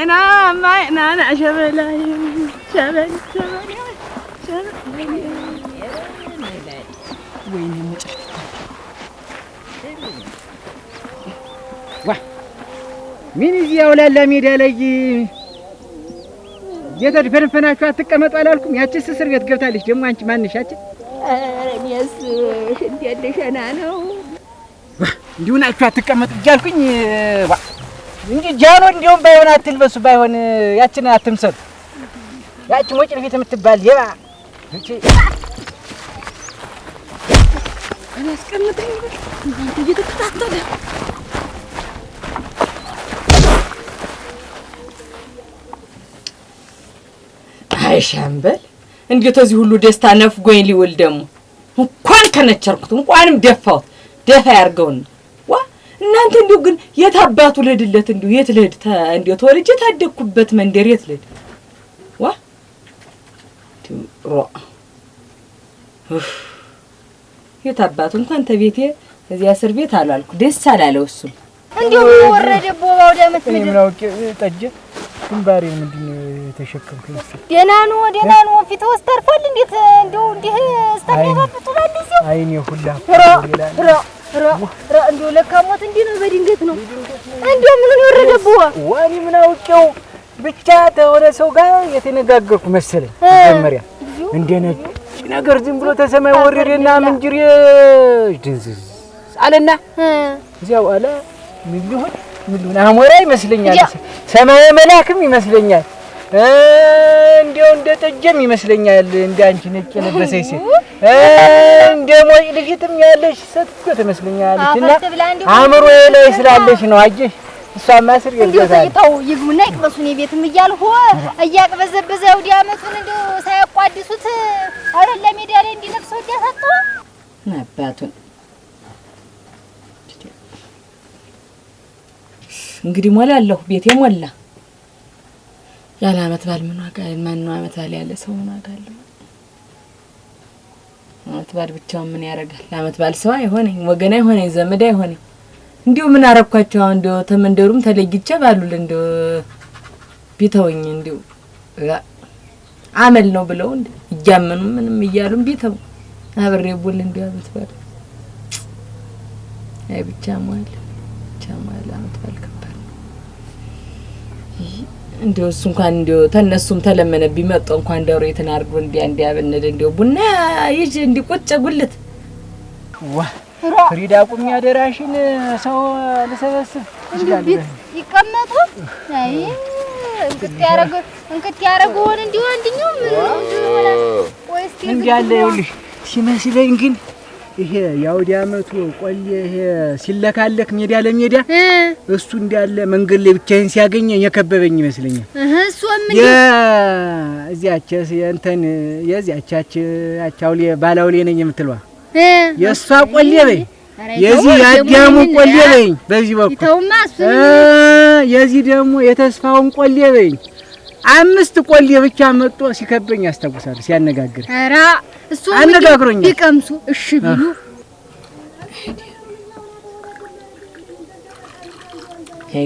ምን እዚህ ያውላል ሜዳ ላይ እየተድፈንፈናችሁ አትቀመጡ አላልኩም? ያቺ እስር ቤት ገብታለች። ደግሞ አንቺ ማንሽ? ያቺ እኔስ እንዴት ደህና ነው። እንዲሁ ናችሁ አትቀመጡ እያልኩኝ እንጂ ጃኖ እንዲያውም ባይሆን አትልበሱ፣ ባይሆን ያችን አትምሰል። ያቺ ሞጭ ፊት የምትባል የባ ያስቀምጠኝ እየተከታተለ አይሻምበል እንዴ! ተዚህ ሁሉ ደስታ ነፍጎኝ ሊውል ደግሞ እንኳን ከነቸርኩት እንኳንም ደፋሁት። ደፋ ያርገውና እናንተ እንዲሁ ግን የት አባቱ ልሄድለት? እንዲሁ የት ልሄድ? እንዲሁ ተወልጄ ታደግኩበት መንደር የት ልሄድ? ዋ ሮ የት አባቱ እንኳን ተቤቴ እዚያ እስር ቤት አላልኩ ደስ አላለው። እሱም እንዲሁ ወረደ ቦባው ደመት ምድር ጠጀ ግንባሬ ምንድን ነው የተሸከምከኝ? ደህና ነው ደህና ነው። ፊት ውስጥ እንዴት እንዲሁ እንዲህ ስተሚያባብጡ ባል ጊዜ አይኔ ሁላ ሮ ሮ እንዲሁ ለካ ሞት እንዲህ ነው፣ በድንገት ነው። እንዲሁ ምኑን ወረደብህ? ዋኒ ምን አውቄው ብቻ ተሆነ ሰው ጋር የተነጋገርኩ መሰለኝ። መጀመሪያ እንደ ነጭ ነገር ዝም ብሎ ተሰማይ ወረደና ምንጅሬ ድንዝዝ አለና እዚያ በኋላ ምን ሊሆን ምን ሊሆን አሞራ ይመስለኛል፣ ሰማይ መላክም ይመስለኛል እንዲያው እንደ ጠጀም ይመስለኛል። እንደ አንቺ ነጭ የለበሰች ሴት እንደ ሞጭ ሴት እኮ ትመስለኛለች። እና አእምሮ ላይ ነው አየሽ። እሷማ ስር ይቅበሱን የቤትም እያልሁ እያቅበዘበዘ አመቱን ሳያቋድሱት ላይ አባቱን እንግዲህ ሞላለሁ ቤቴ ሞላ ያለ አመት ባል ምን ዋጋ ማን ነው አመት ባል ያለ ሰው ምን ዋጋ አለው? አመት ባል ብቻውን ምን ያደርጋል? ለአመት ባል ሰው አይሆነኝ፣ ወገን አይሆነኝ፣ ዘመድ አይሆነኝ። እንዲሁ ምን አረኳቸው? አሁን እንዲሁ ተመንደሩም ተለይቼ ባሉል እንዲሁ ቢተውኝ እንዲሁ አመል ነው ብለው እንዲሁ እያመኑ ምንም እያሉም ቢተው አብሬ ቡል እንዲሁ አመት ባል አይ ብቻ ማለት ብቻ ማለት አመት ባል ከባድ ነው። እንዲሁ እሱ እንኳን እንዲሁ ተነሱም ተለመነ ቢመጡ እንኳን ዳሮትን አድርጎ እንዲያ እንዲያበነደ እንዲሁ ቡና ይዤ እንዲቆጨ ጉልት ዋ ፍሪዳ ቁሚ አደራሽን ሰው ልሰበስብ እንዲት ይቀመጡ አይ እንክት ያረጉ እንክት ያረጉ ሆነ እንዲሁ አንድኛው ምን ሆነ ወይስ እንዲያለ ይኸውልሽ ሲመስለኝ ግን ይሄ የአውዲ አመቱ ቆሌ ይሄ ሲለካለክ ሜዳ ለሜዳ እሱ እንዳለ መንገድ ላይ ብቻዬን ሲያገኘኝ የከበበኝ ይመስለኛል። እሱ ምን የዚያች እንትን የዚያቻች አቻውሌ ባላውሌ ነኝ የምትለዋ የእሷ ቆሌ በይ የዚህ የአዳሙ ቆሌ በይኝ፣ በዚህ በኩል ተውማ እሱ የዚህ ደግሞ የተስፋውን ቆሌ በይኝ አምስት ቆሌ ብቻ መጥቶ ሲከበኝ ያስታውሳል። ሲያነጋግር ኧረ እሱ አነጋግሮኛል። ቢቀምሱ እሺ ቢሉ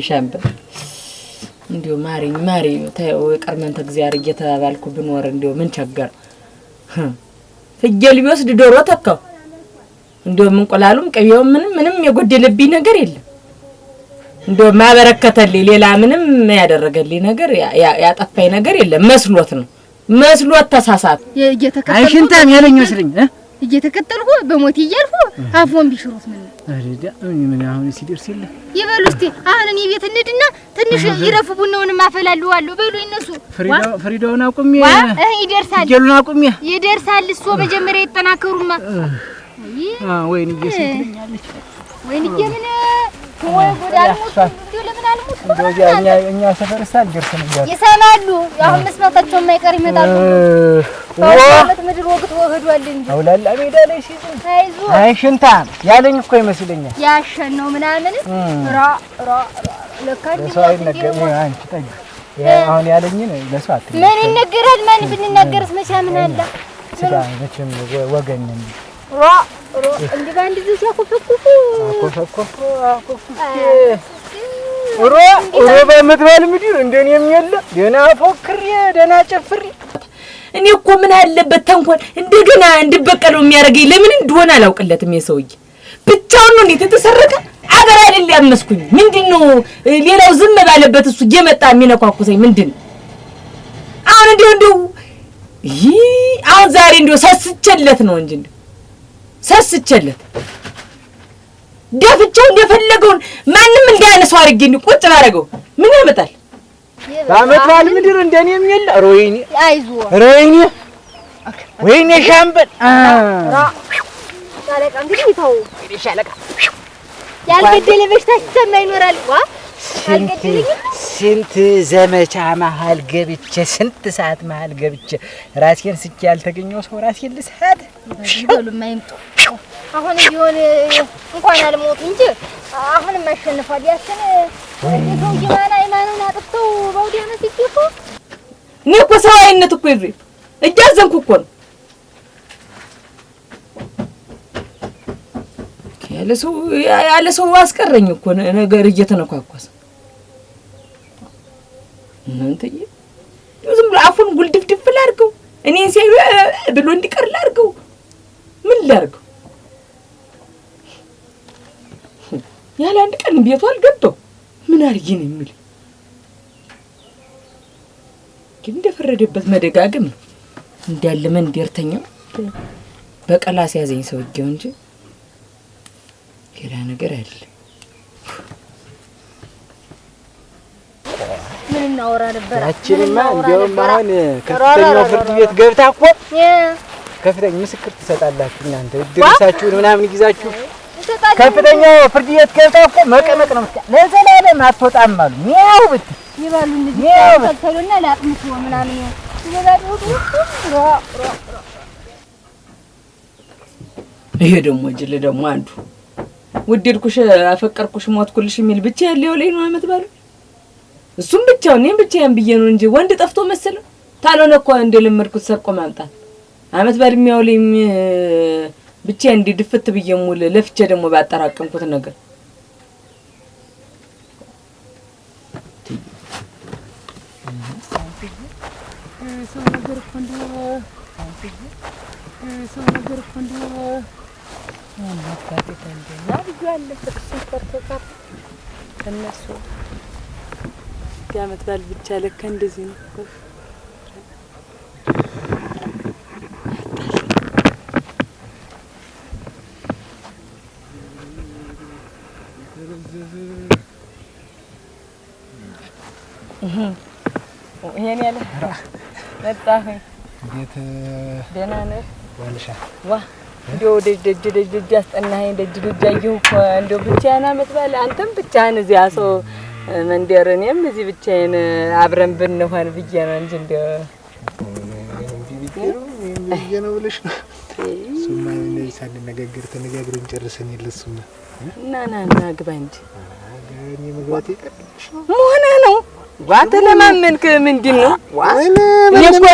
ሻምበል እንዲሁ ማሪኝ ማሪኝ ቀርመንተ እግዚአብሔር እየተባባልኩ ብኖር እንዲሁ ምን ቸገር። ፍየል ቢወስድ ዶሮ ተካው። እንዲሁም እንቁላሉም ቅቤውም ምንም ምንም የጎደለብኝ ነገር የለም። እንደ ማበረከተልኝ ሌላ ምንም ያደረገልኝ ነገር ያጠፋኝ ነገር የለም። መስሎት ነው መስሎት ተሳሳት። እየተከተልኩ ሽንታም ያለኝ መስለኝ እየተከተልኩ በሞት እያልኩ አፎን ቢሽሮት ምን አረዳ ምን አሁን ሲደርስ የለ ይበሉ እስቲ አሁን እኔ ቤት እንሂድና ትንሽ ይረፉ፣ ቡናውንም አፈላልዋለሁ። በሉ ይነሱ። ፍሪዳው ፍሪዳውን አቁሜ እህ ይደርሳል፣ ጀሉን አቁሜ ይደርሳል። እሱ መጀመሪያ ይጠናከሩማ። አይ ወይን እየሰጥኛለች ወይን እየምን እኛ ሰፈር አልደርስም ይሰማሉ። አሁን መስማታቸው የማይቀር ይመጣሉ። አይ ሽንታ ያለኝ እኮ ይመስለኛል ያሸን ምናምን ራ ራ ለካ አሁን ያለኝን አትልም። ምን ይነገራል? ማን ብንናገርስ መቼ ምን አለ ወገን ሮ ሮ በምትባል ምድር ደህና ፎክሬ ደህና ጨፍሬ። እኔ እኮ ምን አለበት ተንኮል እንደገና እንድበቀለው የሚያደርገኝ ለምን እንደሆነ አላውቅለትም። የሰውዬ ብቻውን ነው እንዴት የተሰረቀ አገር አይደል ያመስኩኝ። ምንድን ነው ሌላው ዝም ባለበት እሱ እየመጣ የሚነኳኩሰኝ ምንድን ነው? አሁን ይህ አሁን ዛሬ ሰስቸለት ነው እንጂ ሰስቼለት ደፍቼው እንደፈለገውን ማንም እንዳያነሰው አድርጌ ቁጭ ባደረገው ምን ያመጣል? በዓመት በዓል ምድር እንደኔም የለ። ኧረ ወይኔ ኧረ ወይኔ ሻምበል ሻለቃ፣ እንግዲህ ተው ሻለቃ። ያልገደለ በሽታ ሲሰማ ይኖራል። አልገደለኝም ስንት ዘመቻ መሀል ገብቼ ስንት ሰዓት መሀል ገብቼ ራሴን ስቼ ያልተገኘው ሰው ራሴን ልሳት ይበሉማ ይምጡ። አሁን ቢሆን እንኳን አልሞቱ እንጂ አሁንም አሸንፏል። ያችን ሰው ጅማና አይማኑን አጥፍተው በውድ ያነት እኔ እኮ ሰው አይነት እኮ ይዙ እጃዘንኩ እኮ ነው ያለ ሰው አስቀረኝ እኮ ነገር እየተነኳኳሰ እናንተዬ ዝም ብሎ አፉን ጉልድፍድፍ ላድርገው፣ እኔን ሲያዩ ብሎ እንዲቀር ላድርገው፣ ምን ላድርገው? ያለ አንድ ቀን ቤቷ አልገባው ምን አድርጌ ነው የሚል ግን እንደፈረደበት መደጋገም ነው እንዳለ መንደርተኛው በቀላስ ያዘኝ ሰውዬው እንጂ ሌላ ነገር አይደለም። እናወራ ነበር። አሁን ከፍተኛው ፍርድ ቤት ገብታ እኮ ከፍተኛ ምስክር ትሰጣላችሁ። እናንተ ድርሳችሁን ምናምን ይዛችሁ ከፍተኛው ፍርድ ቤት ገብታ እኮ መቀመቅ ነው የምትቀ ለዘላለም አትወጣም አሉ። ሚያው ብት ይባሉ ላጥምት ነው ምናምን ይባሉ ይሄ ደግሞ ጅል ደግሞ አንዱ አፈቀርኩሽ፣ ሞትኩልሽ የሚል ብቻ ያለው ላይ ነው አመት ባሉ እሱም ብቻው እኔም ብቻዬን ብዬ ነው እንጂ ወንድ ጠፍቶ መስል ታልሆነ እኮ እንደለመድኩት ሰርቆ ማምጣት አመት በእድሜያው ላይ ብቻዬን እንዲህ ድፍት ብዬ ሙል ለፍቼ ደግሞ ባጠራቀምኩት ነገር ሰው ነገር ነገር እነሱ የዓመት በዓል ብቻ ለካ እንደዚህ ነው። ይሄን ያለ መጣሁ። እንዴት ደህና ነህ? ዋ እንደው ደጅ ደጅ ደጅ አስጠናኸኝ። ደጅ ደጅ አየሁ እኮ እንደው ብቻህን ዓመት በዓል አንተም ብቻህን እዚያ ሰው መንደር እኔም እዚህ ብቻዬን አብረን ብንሆን ብዬ ነው እንጂ እንደ ነው ብለሽ ነው። እሱማ ሳንነጋገር ተነጋግረን ጨርሰን ና ና ግባ እንጂ መሆነ አንተ ለማመንክ ምንድን ነው? እኮ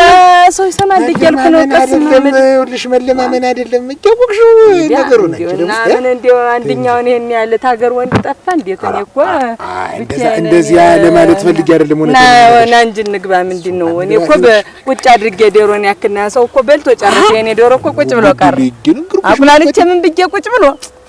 ሰው ይሰማል እያልኩ ነው። ቀስ ይኸውልሽ፣ መለማመን አይደለም እያወቅሽው ነገሩ ይሄን ያለ ታገር ወንድ ጠፋ። እንዴት እኔ እኮ እንደዚያ ለማለት ፈልጌ አይደለም። እንጂ እንግባ። ምንድን ነው? እኔ እኮ አድርጌ ዶሮን ያክልና ሰው እኮ በልቶ ጨረሰ። የእኔ ዶሮ እኮ ቁጭ ብሎ ቀረ። አቁላልቼ ምን ብዬ ቁጭ ብሎ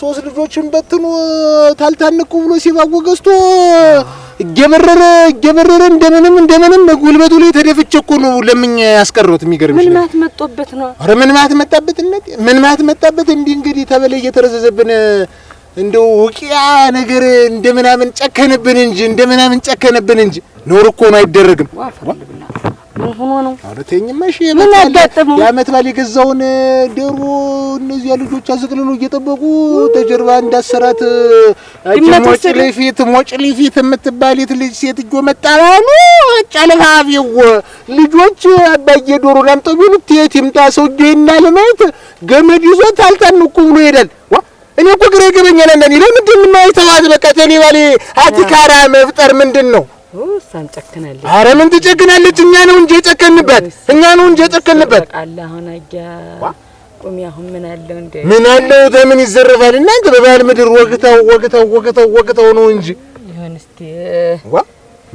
ሶስት ልጆችን በትኖ ታልታንቁ ብሎ ሲባጎ ገዝቶ እየመረረ እየመረረ እንደምንም እንደምንም ጉልበቱ ላይ ተደፍቼ እኮ ነው ለምኝ ያስቀረሁት። የሚገርምሽ ምን ማለት መጣበት ነው? አረ ምን ማለት መጣበት እንዴ! ምን ማለት መጣበት እንዴ? እንግዲህ ተበለ እየተረዘዘብን እንደው ውቅያ ነገር እንደምናምን ጨከነብን እንጂ እንደምናምን ጨከነብን እንጂ ኖር እኮ ነው አይደረግም። ምን ሆኖ ነው? ኧረ ተይኝማ። የዓመት በዓል የገዛውን ዶሮ እነዚያ ልጆች አዝቅልሎ እየጠበቁ ተጀርባ እንዳሰራት ሞጭልፊት ሞጭልፊት የምትባሌት ልጅ ሴትዮ መጣላኑ ጨለባቢው ልጆች አባዬ ዶሮ ላምጠው ቢሉት የት ይምጣ ሰው ለማየት ገመድ ይዞት አልጣንኩ ብሎ ይሄዳል። እኔ እኮ ግራ ይገባኛል። አንዳንዴ ለምንድን ነው የማይተዋት? በቃ ተኔ ባሌ አቲካራ መፍጠር ምንድን ነው? እሷም ጨክናለች። ኧረ ምን ትጨክናለች? እኛ ነው እንጂ የጨከንበት እኛ ነው እንጂ የጨከንበት። አሁን አያ ቁሚ። አሁን ምን አለው እንደ ምን አለው ተምን ይዘረፋል። እናንተ በባህል ምድር ወግታው ወግታው ነው እንጂ ይሁን እስቲ ዋ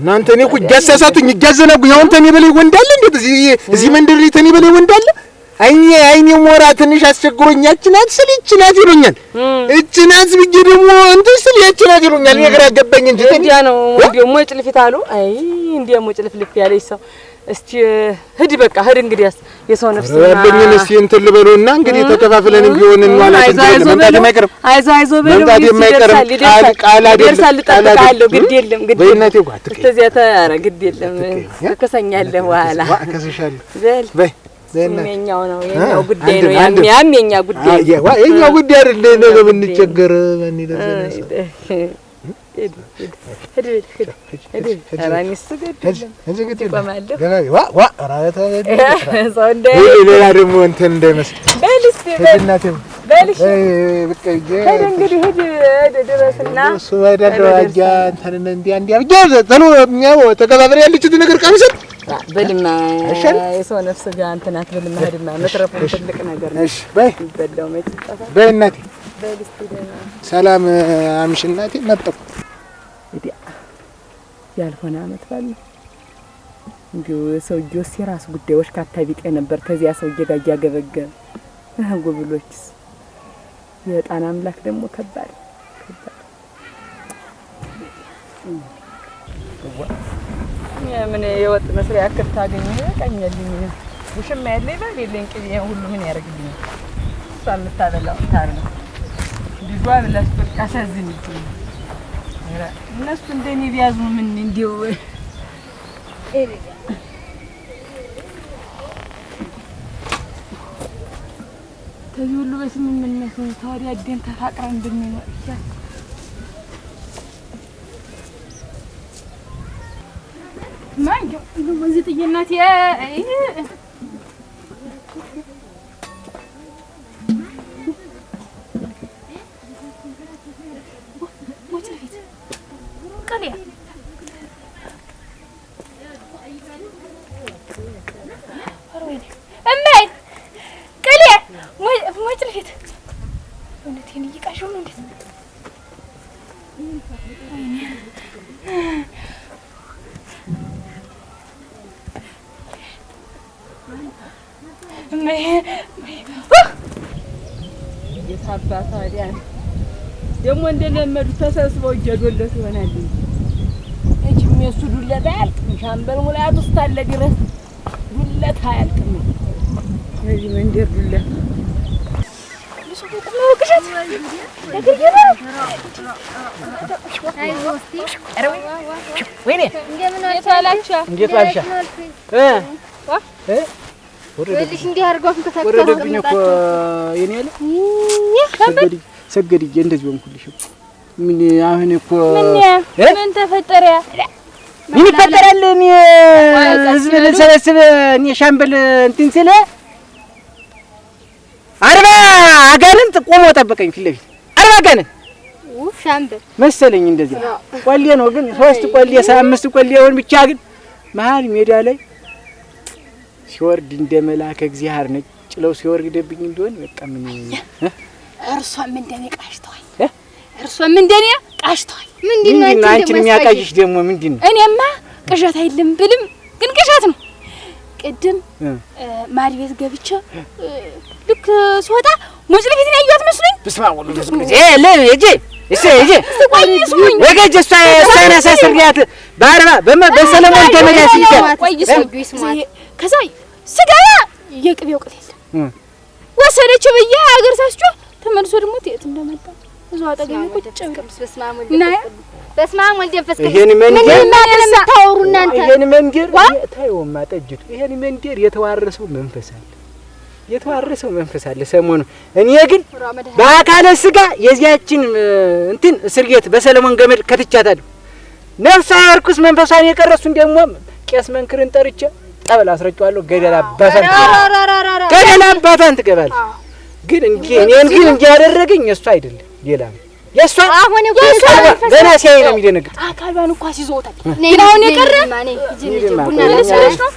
እናንተ እኔ እኮ እያሳሳቱኝ እያዘናጉኝ። አሁን ተኔ በላይ ወንድ አለ እንዴት እዚህ እዚህ መንደር ላይ ተኔ በላይ ወንድ አለ? አይኔ አይኔ ሞራ ትንሽ አስቸግሮኛል። እች ናት ስል እች ናት ይሉኛል። እች ናት ብዬ ደግሞ እንትን ስል ያች ናት ይሉኛል። እኔ ገባኝ እንጂ ታዲያ ነው ደግሞ ጭልፊት አሉ። አይ እንደሞ ጭልፍልፍ ያለች ሰው እስቲ ህድ በቃ ሂድ። እንግዲያስ የሰው ነፍስ ረበኝን እስቲ እንትን ልበለውና እንግዲህ ተከፋፍለን ቢሆን እንዋላለን። ግድ የለም የኛው ነው ጉዳይ ነው። ያም ያም ማን ይደርሰናል? ሌላ ደግሞ እንትን እንዳይመስል ተገባብሬ ያለችት ነገር ቀምሰን የሰው ነፍስ ሰላም አምሽ እናቴ። መጣሁ ያልሆነ አመት ባለ እንዲሁ ሰውዬውስ የራሱ ጉዳዮች ካታቢቀ ነበር ከዚያ ሰውዬ ጋር እያገበገበ ጎብሎችስ የጣና አምላክ ደግሞ ከባድ ከባድ ምን የወጥ መስሪያ ያክል ታገኝ ቀኛልኝ ውሽማ ያለኝ ባል የለኝ ቅቤ ሁሉ ምን ያደርግልኛል? እሷ የምታበላው ታር ነው ልጇ ብላስበቅ አሳዝን እነሱ እንደኔ ቢያዝሙ ምን እንዲው ከዚህ ሁሉ በስምምነት ታዲያ አደን ተፋቅረን ብንኖር ማን ነው? እዚህ ጥዬ እናቴ አቤት አባቷ ታዲያ ደግሞ እንደለመዱ ተሰብስበው እየዶለት ይሆናል እንጂ እጅም የእሱ ዱለት አያልቅም። ሻምበል ሙላቱ እስካለ ድረስ ዱለት አያልቅም። የዚህ መንደር ዱለት ወይኔ እንደምን እንዴት ዋልሻ? ወልሽ እንዲህ አድርገውም ከተከተሉኝ እኮ የኔ ያለ ሰገድዬ እንደዚህ ሆንኩልሽ። ምን አሁን እኮ ምን ተፈጠረ? ምን ይፈጠራል? እኔ ህዝብ ልሰበስብ እኔ ሻምበል እንትን ስለ አርባ አጋንንት ቆሞ ጠበቀኝ ፊት ለፊት አርባ አጋንንት መሰለኝ እንደዚህ ቆሌ ነው ግን ሶስት ቆሌ አምስት ቆሌ ሆን ብቻ ግን መሀል ሜዳ ላይ ሲወርድ እንደ መልአከ እግዚአብሔር ነጭ ለው ሲወርድብኝ እንደሆን በቃ ምን እርሷም እንደኔ ቃሽተዋል። እርሷም እንደኔ ቃሽተዋል። ምንድን ነው አንቺን የሚያቃሽሽ ደግሞ ምንድን ነው? እኔማ ቅዠት አይልም ብልም ግን ቅዠት ነው። ቅድም ማድ ቤት ገብቼ ልክ ስወጣ ሞጭ ለፊት ነው ያዩት መስሎኝ። ብስማ ወሉ ብዙ ጊዜ ከዛ ስጋያ የቅቤው ቅል ብዬ ሳስጮ ተመልሶ ደግሞ እንደመጣ አጠገቤ ቁጭ በስመ አብ ወልድ መንፈስ ቅዱስ። እናንተ ይሄን ታየውማ ጠጅቱ ይሄን የተዋረሰው መንፈስ አለ የተዋረሰው መንፈስ አለ። ሰሞኑ እኔ ግን በአካለ ስጋ የዚያችን እንትን እስር ቤት በሰለሞን ገመድ ከትቻታለሁ። ነፍሷ የርኩስ መንፈሷን የቀረሱን ደግሞ ቄስ መንክርን ጠርቼ ጠበል አስረጨዋለሁ። ገደላ አባታን ገደላ አባታን ትገባለህ። ግን እንጂ እኔን ግን እንጂ ያደረገኝ እሱ አይደለም ሌላ ነው። የእሷ አሁን እኮ ገና ሲያይ ነው የሚደነግጥ። አካሏን እኮ ይዘውታል። ግን አሁን የቀረ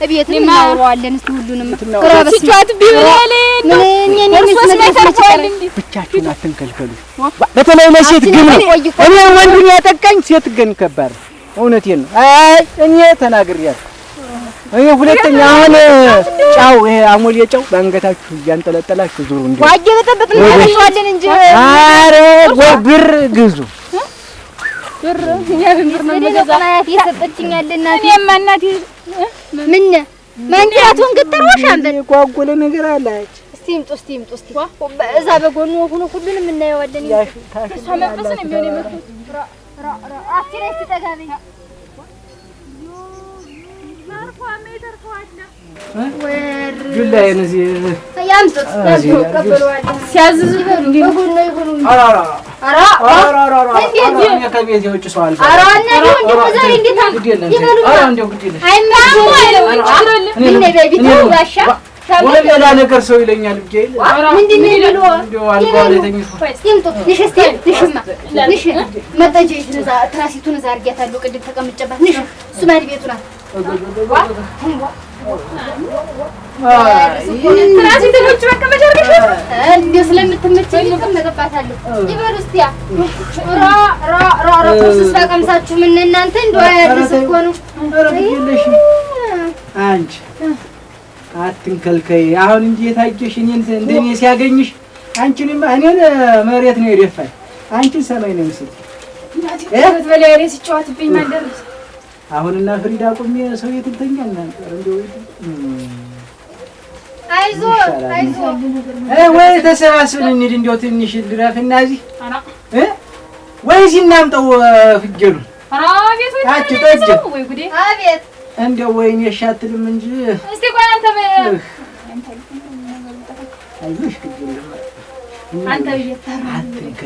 እቤት እናወራዋለን። እስኪ ሁሉንም ክረበስቻት ቢበላል ብቻችሁን አትንከልከሉ። በተለይ ለሴት ግን ነው እኔ ወንድም ያጠቃኝ ሴት ግን ከባድ ነው። እውነቴን ነው። አይ እኔ ተናግሬያለሁ ይሄ ሁለተኛ አሁን ጫው ይሄ አሞሌ ጫው በአንገታችሁ እያንጠለጠላችሁ ዙሩ። እንዴ ዋጀ በጠብቅ እናደርሰዋለን እንጂ አረ ብር ግዙ። ብር እኛ ብር ነው የምገዛ። እናቴ የሰጠችኝ እናቴ እኔማ እናቴ ምን መንጀራቱን ግጥሮ ሻምበል ጓጉለ ነገር አላች። እስቲ ይምጡ እስቲ ይምጡ እስቲ እዛ በጎኑ ሆኖ ሁሉንም እናየዋለን። እሷ መጥበስ ነው የሚሆን የመጡት ራ ራ ራ አትሬ ተጠጋበኝ ወላ ነገር ሰው ይለኛል። መጠጃ ትራሲቱን እዛ አድርጊያታለሁ። ቅድም ተቀምጬባት እሱ ማድ ቤቱ ናት ስለምትመቸኝ እመጣባታለሁ። አንቺ አትንከልከይ አሁን እንጂ የታየሽ እኔን እንደ ሲያገኝሽ አንቺንማ እኔን መሬት ነው የደፋኝ። አንቺን ሰማይ ነው ምስል አሁን እና ፍሪዳ ቁሜ ሰው የት ልተኛ? አይዞ አይዞ ወይ ተሰባስብን እንሂድ። እንደው ትንሽ ድረፍ እና እዚህ እ ወይ እዚህ እናምጠው ፍጀሉ ኧረ አቤት ወይ አቤት! እንጂ እስቲ አንተ አንተ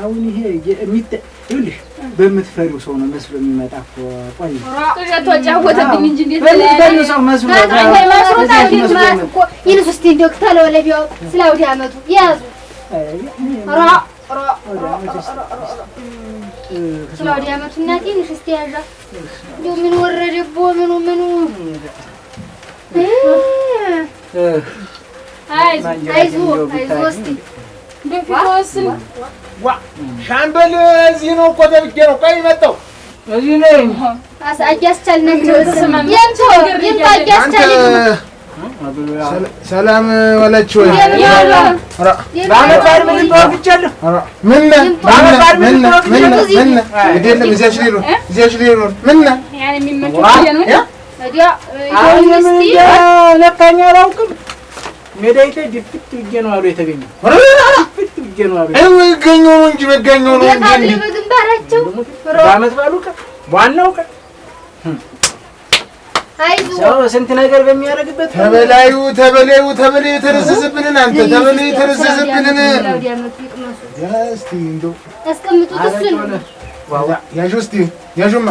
አሁን ይሄ ይኸውልሽ በምትፈሪው ሰው ነው መስሎ የሚመጣ እኮ። ቆይ ተጫወተብኝ እንጂ እንዴት ሰው መስሎ ስለ አውዲ አመቱ ያዙ ስለ አመቱ እናቴ ይልስ ውስጥ ያዣ እንደው ምን ወረደ ምኑ ምኑ አይዞህ አይዞህ እስኪ እንደው ፊት ወስን ዋ ሻምበል እዚህ ነው እኮ ተብዬ ነው። ቆይ መጣሁ እዚህ ነኝ። ሰላም ዋላችሁ ወይ? ምነው መድኃኒት ላይ ድፍት ብዬ ነው አሉ የተገኘው። ድፍት ብዬ ነው አሉ ይገኘው ነው እንጂ መጋኘው ነው እንጂ በግንባራቸው በዓመት በዓሉ ቀን ዋናው ቀን ስንት ነገር በሚያደርግበት ተበላዩ ተበላዩ ተበላዩ የተረዘዘብንን አንተ ተበላዩ የተረዘዘብንን እስኪ እንደው ያዥው እስኪ ያዥማ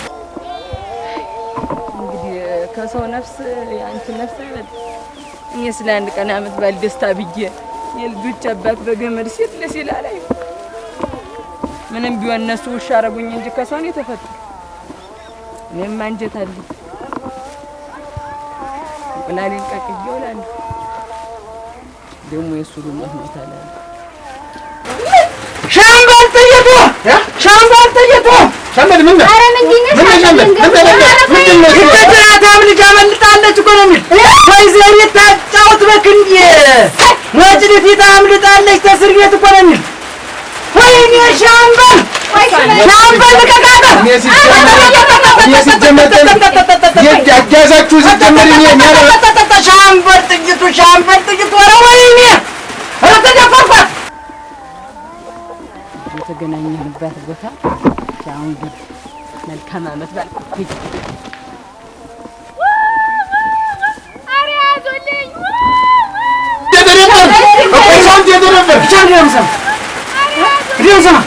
ከሰው ነፍስ የአንቺ ነፍስ እኔ ስለ አንድ ቀን አመት ባል ደስታ ብዬ የልጆች አባት በገመድ ሲል ለሲል ላይ ምንም ቢሆን እነሱ ውሻ አረጉኝ እንጂ ከሰው ነው የተፈቱ። እኔም አንጀት አለ እንቁላሌን ቀቅዬ እውላለሁ። ደግሞ የእሱ ሩማት ሞታላለ ሻምባል ተየቶ ሻምባል ተየቶ ምን ምን አምልጣለች እኮ ነው የሚል ወይዘሪት ታጫውት በክንድ ሞጭልፊት አምልጣለች ተስር ቤት እኮ ነው የሚል ወይ እኔ ሻምበል ሻምበል ልቀቃቀም ሻምበል ጥይቱ ሻምበል ጥይቱ ኧረ ወይኔ ኧረ ተደፈርኳት የተገናኘንበት ቦታ አሁን እንግዲህ መልካም አመት ባልኩት ኧረ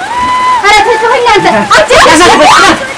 ተውኝ አንተ